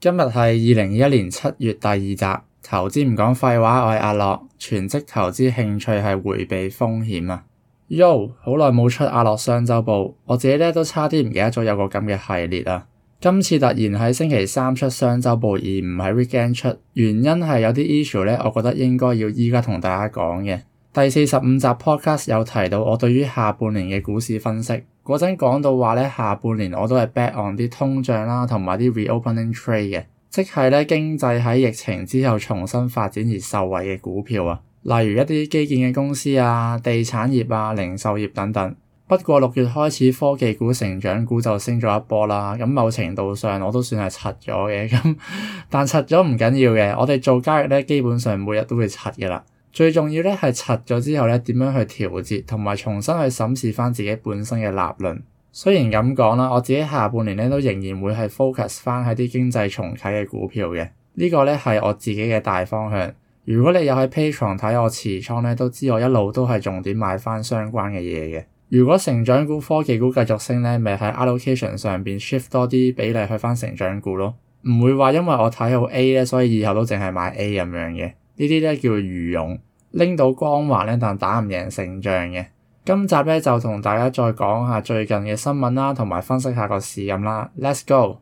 今日係二零二一年七月第二集，投資唔講廢話，我係阿樂，全職投資興趣係回避風險啊。Yo，好耐冇出阿樂商週報，我自己咧都差啲唔記得咗有個咁嘅系列啊。今次突然喺星期三出商週報，而唔係 weekend 出，原因係有啲 issue 咧，我覺得應該要而家同大家講嘅。第四十五集 podcast 有提到，我對於下半年嘅股市分析嗰陣講到話咧，下半年我都係 bet on 啲通脹啦，同埋啲 reopening trade 嘅，即係咧經濟喺疫情之後重新發展而受惠嘅股票啊，例如一啲基建嘅公司啊、地產業啊、零售業等等。不過六月開始科技股、成長股就升咗一波啦，咁某程度上我都算係柒咗嘅。咁 但柒咗唔緊要嘅，我哋做交易咧，基本上每日都會柒噶啦。最重要咧係拆咗之後咧點樣去調節，同埋重新去審視翻自己本身嘅立論。雖然咁講啦，我自己下半年咧都仍然會係 focus 翻喺啲經濟重啓嘅股票嘅。這個、呢個咧係我自己嘅大方向。如果你有喺 Patreon 睇我持倉咧，都知我一路都係重點買翻相關嘅嘢嘅。如果成長股、科技股繼續升咧，咪喺 allocation 上面 shift 多啲比例去翻成長股咯。唔會話因為我睇好 A 咧，所以以後都淨係買 A 咁樣嘅。呢啲咧叫做愚勇。拎到光環咧，但打唔贏勝仗嘅。今集呢，就同大家再講下最近嘅新聞啦，同埋分析下個市咁啦。Let's go。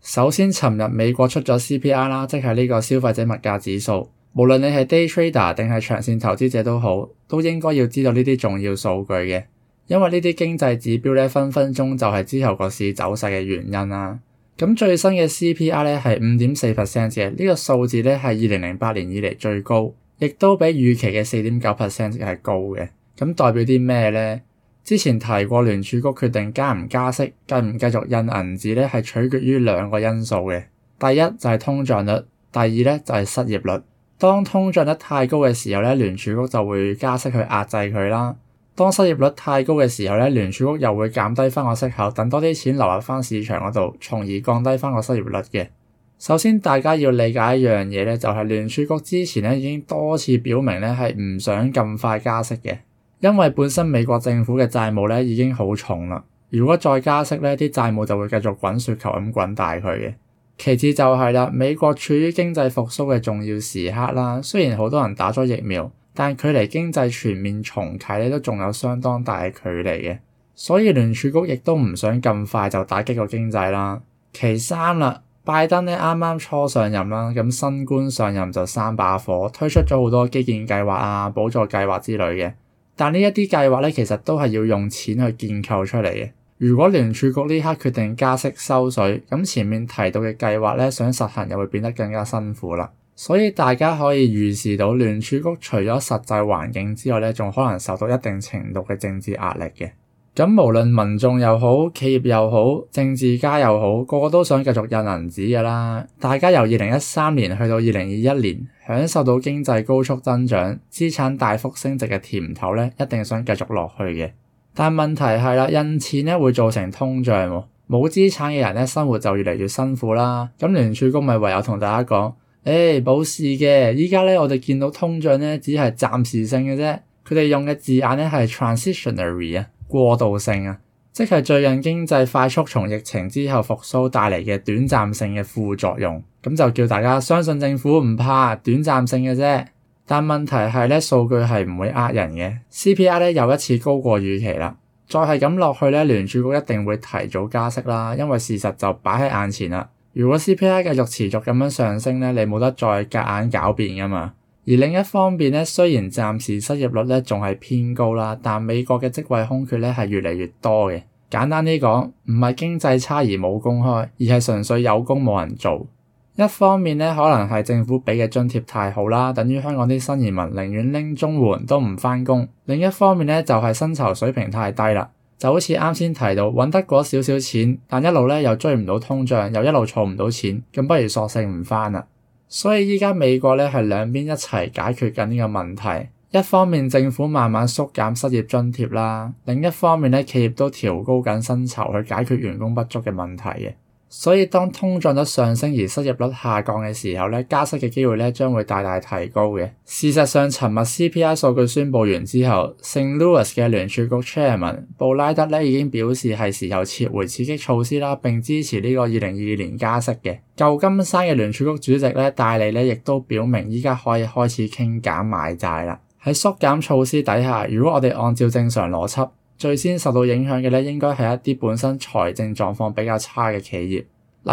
首先，尋日美國出咗 CPI 啦，即係呢個消費者物價指數。無論你係 day trader 定係長線投資者都好，都應該要知道呢啲重要數據嘅。因為呢啲經濟指標咧，分分鐘就係之後個市走勢嘅原因啦。咁最新嘅 CPI 咧係五點四 percent 嘅。這個、數呢個數字咧係二零零八年以嚟最高，亦都比預期嘅四點九 percent 係高嘅。咁代表啲咩呢？之前提過聯儲局決定加唔加息、繼唔繼續印銀紙咧，係取決於兩個因素嘅。第一就係通脹率，第二咧就係失業率。當通脹率太高嘅時候咧，聯儲局就會加息去壓制佢啦。當失業率太高嘅時候咧，聯儲局又會減低翻個息口，等多啲錢流入翻市場嗰度，從而降低翻個失業率嘅。首先，大家要理解一樣嘢咧，就係聯儲局之前咧已經多次表明咧係唔想咁快加息嘅，因為本身美國政府嘅債務咧已經好重啦，如果再加息咧，啲債務就會繼續滾雪球咁滾大佢嘅。其次就係啦，美國處於經濟復甦嘅重要時刻啦，雖然好多人打咗疫苗。但距離經濟全面重啟呢，都仲有相當大嘅距離嘅，所以聯儲局亦都唔想咁快就打擊個經濟啦。其三啦，拜登呢啱啱初上任啦，咁新官上任就三把火，推出咗好多基建計劃啊、補助計劃之類嘅。但呢一啲計劃呢，其實都係要用錢去建構出嚟嘅。如果聯儲局呢刻決定加息收水，咁前面提到嘅計劃呢，想實行又會變得更加辛苦啦。所以大家可以預示到聯儲局除咗實際環境之外咧，仲可能受到一定程度嘅政治壓力嘅。咁無論民眾又好，企業又好，政治家又好，個個都想繼續印銀紙㗎啦。大家由二零一三年去到二零二一年，享受到經濟高速增長、資產大幅升值嘅甜頭咧，一定想繼續落去嘅。但問題係啦，印錢咧會造成通脹，啊，冇資產嘅人咧生活就越嚟越辛苦啦。咁聯儲局咪唯有同大家講。誒冇事嘅，而家咧我哋見到通脹咧只係暫時性嘅啫，佢哋用嘅字眼咧係 transitionary 啊，過渡性啊，即係最近經濟快速從疫情之後復甦帶嚟嘅短暫性嘅副作用，咁就叫大家相信政府唔怕短暫性嘅啫。但問題係咧，數據係唔會呃人嘅，CPI 咧又一次高過預期啦，再係咁落去咧，聯儲局一定會提早加息啦，因為事實就擺喺眼前啦。如果 CPI 繼續持續咁樣上升咧，你冇得再夾硬狡辯噶嘛？而另一方面咧，雖然暫時失業率咧仲係偏高啦，但美國嘅職位空缺咧係越嚟越多嘅。簡單啲講，唔係經濟差而冇工開，而係純粹有工冇人做。一方面咧，可能係政府畀嘅津貼太好啦，等於香港啲新移民寧願拎綜援都唔翻工；另一方面咧，就係薪酬水平太低啦。就好似啱先提到，揾得嗰少少錢，但一路咧又追唔到通脹，又一路儲唔到錢，咁不如索性唔翻啦。所以依家美國咧係兩邊一齊解決緊呢個問題，一方面政府慢慢縮減失業津貼啦，另一方面咧企業都調高緊薪酬去解決員工不足嘅問題嘅。所以當通脹率上升而失業率下降嘅時候咧，加息嘅機會咧將會大大提高嘅。事實上，尋日 CPI 數據宣佈完之後，聖路易斯嘅聯儲局 Chairman 布拉德咧已經表示係時候撤回刺激措施啦，並支持呢個2022年加息嘅。舊金山嘅聯儲局主席咧戴利咧亦都表明依家可以開始傾減買債啦。喺縮減措施底下，如果我哋按照正常邏輯，最先受到影響嘅咧，應該係一啲本身財政狀況比較差嘅企業，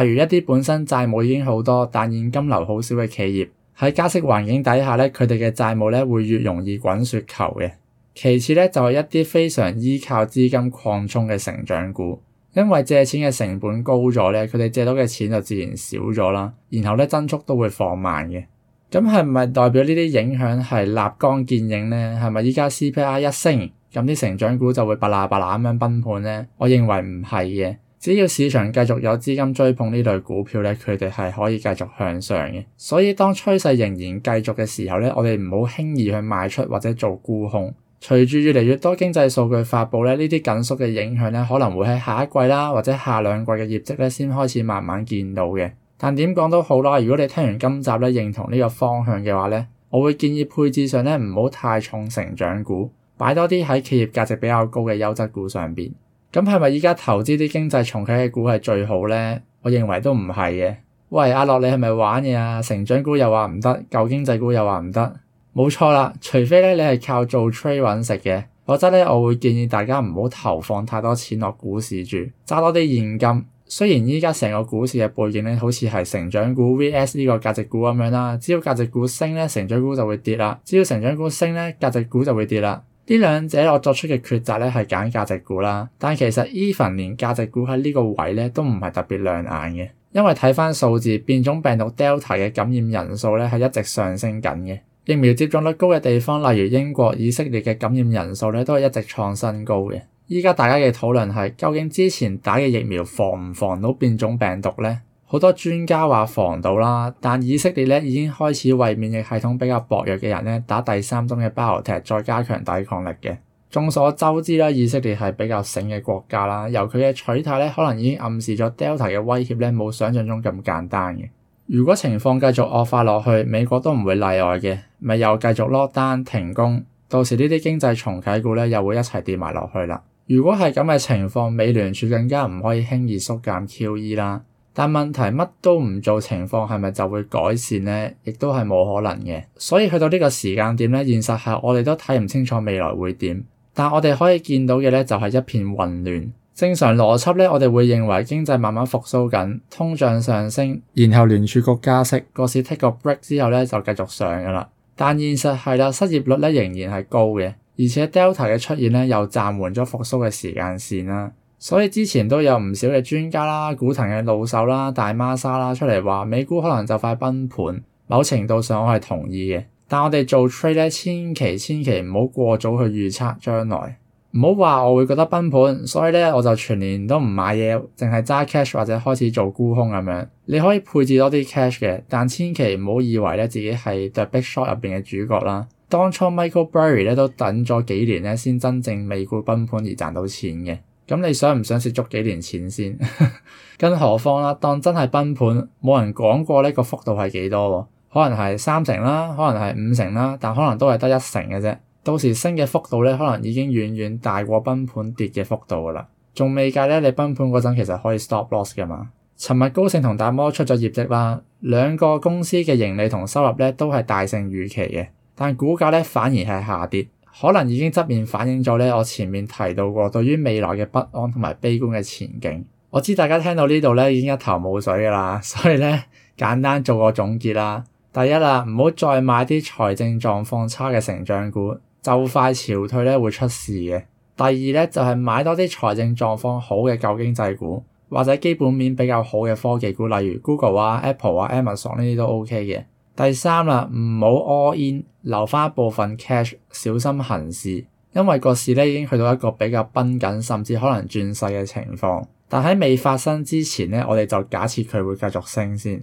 例如一啲本身債務已經好多，但現金流好少嘅企業。喺加息環境底下咧，佢哋嘅債務咧會越容易滾雪球嘅。其次咧就係一啲非常依靠資金擴充嘅成長股，因為借錢嘅成本高咗咧，佢哋借到嘅錢就自然少咗啦，然後咧增速都會放慢嘅。咁係咪代表呢啲影響係立竿見影咧？係咪依家 CPI 一升，咁啲成長股就會巴喇巴喇咁樣崩盤呢。我認為唔係嘅，只要市場繼續有資金追捧呢類股票呢，佢哋係可以繼續向上嘅。所以當趨勢仍然繼續嘅時候呢，我哋唔好輕易去賣出或者做沽空。隨住越嚟越多經濟數據發佈呢，呢啲緊縮嘅影響呢，可能會喺下一季啦或者下兩季嘅業績呢先開始慢慢見到嘅。但點講都好啦，如果你聽完今集呢認同呢個方向嘅話呢，我會建議配置上呢唔好太重成長股。擺多啲喺企業價值比較高嘅優質股上邊，咁係咪依家投資啲經濟重啟嘅股係最好呢？我認為都唔係嘅。喂，阿樂你係咪玩嘢啊？成長股又話唔得，舊經濟股又話唔得，冇錯啦。除非咧你係靠做 trade 揾食嘅，否則咧我會建議大家唔好投放太多錢落股市住，揸多啲現金。雖然依家成個股市嘅背景咧好似係成長股 vs 呢個價值股咁樣啦，只要價值股升咧成長股就會跌啦，只要成長股升咧價值股就會跌啦。呢兩者我作出嘅抉擇咧係揀價值股啦，但其實 even 連價值股喺呢個位咧都唔係特別亮眼嘅，因為睇返數字，變種病毒 Delta 嘅感染人數咧係一直上升緊嘅，疫苗接種率高嘅地方，例如英國、以色列嘅感染人數咧都係一直創新高嘅。依家大家嘅討論係究竟之前打嘅疫苗防唔防到變種病毒呢？好多專家話防到啦，但以色列咧已經開始為免疫系統比較薄弱嘅人咧打第三針嘅 BioNTech，再加強抵抗力嘅。眾所周知啦，以色列係比較醒嘅國家啦，由佢嘅取態咧，可能已經暗示咗 Delta 嘅威脅咧冇想象中咁簡單嘅。如果情況繼續惡化落去，美國都唔會例外嘅，咪又繼續 lockdown 停工，到時呢啲經濟重啟股咧又會一齊跌埋落去啦。如果係咁嘅情況，美聯儲更加唔可以輕易縮減 QE 啦。但問題，乜都唔做情況係咪就會改善呢？亦都係冇可能嘅。所以去到呢個時間點咧，現實係我哋都睇唔清楚未來會點。但我哋可以見到嘅咧就係一片混亂。正常邏輯咧，我哋會認為經濟慢慢復甦緊，通脹上升，然後聯儲局加息，個市 take 個 break 之後咧就繼續上㗎啦。但現實係啦，失業率咧仍然係高嘅，而且 Delta 嘅出現咧又暫緩咗復甦嘅時間線啦。所以之前都有唔少嘅專家啦、股騰嘅老手啦、大媽沙啦出嚟話美股可能就快崩盤。某程度上我係同意嘅，但我哋做 trade 咧，千祈千祈唔好過早去預測將來，唔好話我會覺得崩盤，所以咧我就全年都唔買嘢，淨係揸 cash 或者開始做沽空咁樣。你可以配置多啲 cash 嘅，但千祈唔好以為咧自己係 The Big Short 入邊嘅主角啦。當初 Michael Burry 咧都等咗幾年咧先真正美股崩盤而賺到錢嘅。咁你想唔想蝕足幾年錢先？ 更何況啦，當真係崩盤，冇人講過呢個幅度係幾多喎？可能係三成啦，可能係五成啦，但可能都係得一成嘅啫。到時升嘅幅度咧，可能已經遠遠大過崩盤跌嘅幅度噶啦。仲未計咧，你崩盤嗰陣其實可以 stop loss 噶嘛。尋日高盛同大摩出咗業績啦，兩個公司嘅盈利同收入咧都係大勝預期嘅，但股價咧反而係下跌。可能已經側面反映咗咧，我前面提到過對於未來嘅不安同埋悲觀嘅前景。我知大家聽到呢度咧已經一頭霧水㗎啦，所以咧簡單做個總結啦。第一啦，唔好再買啲財政狀況差嘅成長股，就快潮退咧會出事嘅。第二咧就係買多啲財政狀況好嘅舊經濟股，或者基本面比較好嘅科技股，例如 Google 啊、Apple 啊、Amazon 呢啲都 OK 嘅。第三啦，唔好 all in，留翻部分 cash，小心行事，因為個市咧已經去到一個比較崩緊，甚至可能轉勢嘅情況。但喺未發生之前咧，我哋就假設佢會繼續升先。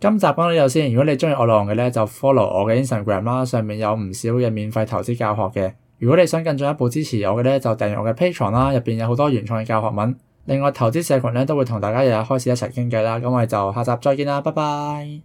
今集講到呢度先。如果你中意我內容嘅咧，就 follow 我嘅 Instagram 啦，上面有唔少嘅免費投資教學嘅。如果你想更進一步支持我嘅咧，就訂閱我嘅 Patreon 啦，入邊有好多原創嘅教學文。另外投資社群咧都會同大家日日開始一齊傾偈啦。咁我哋就下集再見啦，拜拜。